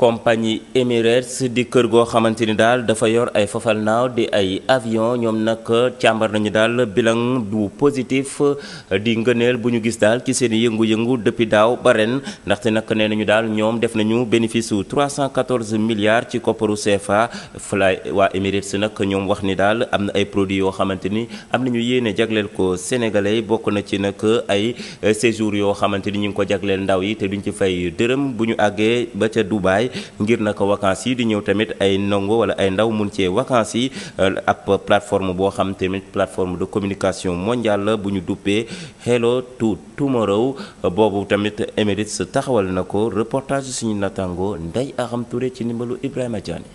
compagnie Emirates di kër goo xamante ni daal dafa yor ay fafal naaw di ay avion ñoom nag càmbar nañu daal bilan bu positif di ngëneel bu ñu gis daal ci seen yëngu-yëngu depuis daaw ba ren ndaxte nag nee nañu daal ñoom def nañu bénéfice su 314 milliards ci kopparu CFA fly waa Emirates nag ñoom wax ni daal am ay produit yoo xamante ni am nañu yéene jagleel ko sénégalais bokk na ci nag ay séjour yoo xamante ni ñu ngi ko jagleel ndaw yi te duñ ci fay dërëm bu àggee ba ca Dubaï ngir naka vacances yi di ñëw tamit ay ndongo wala ay ndaw mun cee vacances yi euh, ab plateforme boo xam tamit plateforme de communication mondiale bu ñu duppee Hello to Tomorrow boobu tamit Emirates taxawal na ko reportage suñu natango Ndeye Aram Touré ci ndimbalu Ibrahima Diané.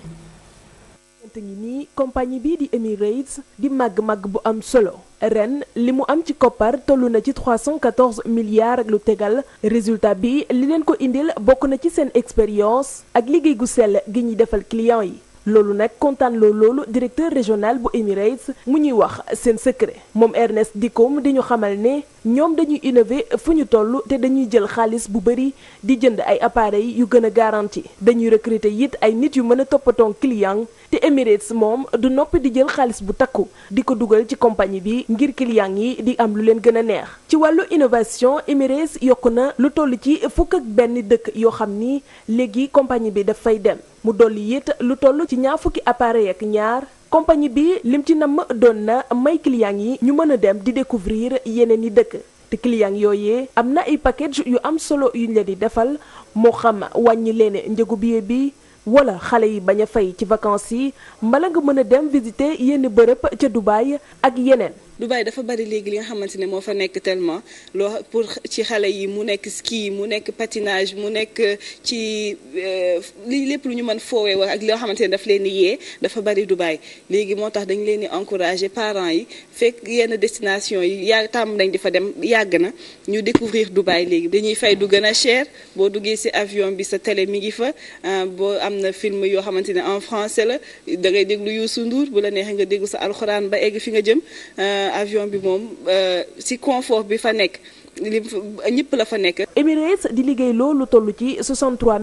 te ngi nii compagnie bii di Emirates di màgg-màgg bu am solo ren li mu am ci koppar toll na ci 314 milliards ak lu tegal résultat bi li leen ko indil bokk na ci seen expérience ak liggéey gu sell gi ñuy defal client yi loolu nag kontaan loolu directeur régional bu Emirates mu ñuy wax seen secret moom Ernest Dicom di ñu xamal ne ñoom dañuy innover fu ñu toll te dañuy jël xaalis bu bëri di jënd ay appareils yu gën a garanti dañuy recruter it ay nit yu mën a toppatoo client Emirates moom du noppi di jël xaalis bu takku di ko dugal ci compagnie bi ngir client yi di am lu leen gën a neex ci wàllu innovation Emirates yokk na lu toll ci fukk ak benn dëkk yoo xam ni léegi compagnie bi daf fay dem mu dool it lu toll ci ñaar fukki appareil ak ñaar compagnie bi lim ci namm doon na may client yi ñu mën a dem di découvrir yeneen i dëkk te client yooyee am na ay package yu am solo yuñ leen di defal moo xam wàññi leen njëgu billet bi wala xale yi bañ a fay ci vacances yi mbala nga mën a dem visiter yenn bërëb ca Dubaï ak yeneen Dubaï dafa bari léegi li nga xamante ne moo fa nekk tellement loo pour ci xale yi mu nekk ski mu nekk patinage mu nekk euh, ci euh, lii lépp lu ñu mën foowee wax ak loo xamante ne daf leen di yee dafa bari Dubaï léegi moo tax dañ leen di encourager parents yi fekk yenn destination yi yaa tàmm nañ di fa dem yàgg na ñu découvrir Dubaï léegi dañuy fay du gën a cher boo duggee ci avion bi sa télé mi ngi fa euh, boo am na film yoo xamante ne en français la da ngay déglu Youssou Ndour bu la neexee nga déglu sa alxuraan ba egg fi nga jëm avion bi moom euh, si confort bi fa nekk li ñëpp la fa nekk. Emirates di liggéey loolu toll ci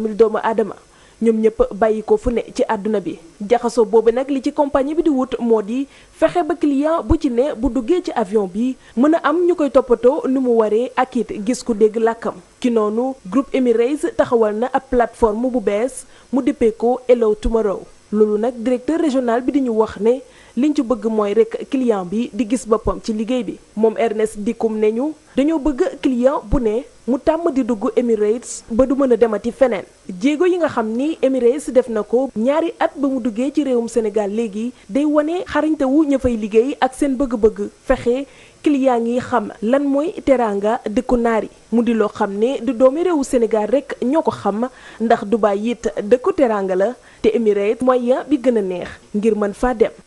mil doomu aadama ñoom ñëpp bàyyi ko fu ne ci àdduna bi jaxasoo boobu nag li ci compagnie bi di wut moo di fexe ba client bu ci ne bu duggee ci avion bi mën a am ñu koy toppatoo ni mu waree ak it gis ku dégg làkkam ki noonu groupe Emirates taxawal na ab plateforme bu bees mu déppee ko Hello Tomorrow loolu nag directeur régional bi di wax ne. liñ ci bëgg mooy rek client bi di gis boppam ci liggéey bi moom Ernest Dickoum ne ñu dañoo bëgg client bu ne mu tàmm di dugg Emirates ba du mën a demati feneen jéego yi nga xam ni Emirates def na ko ñaari at ba mu duggee ci réewum senegal léegi day wane xarañtewu ña fay liggéey ak seen bëgg-bëgg fexe client yi xam lan mooy teraanga dëkku naar yi mu di loo xam ne du doomi réewu Sénégal rek ñoo ko xam ndax Dubaay it dëkku teraanga la te Emirates moyen bi gën a neex ngir mën faa dem.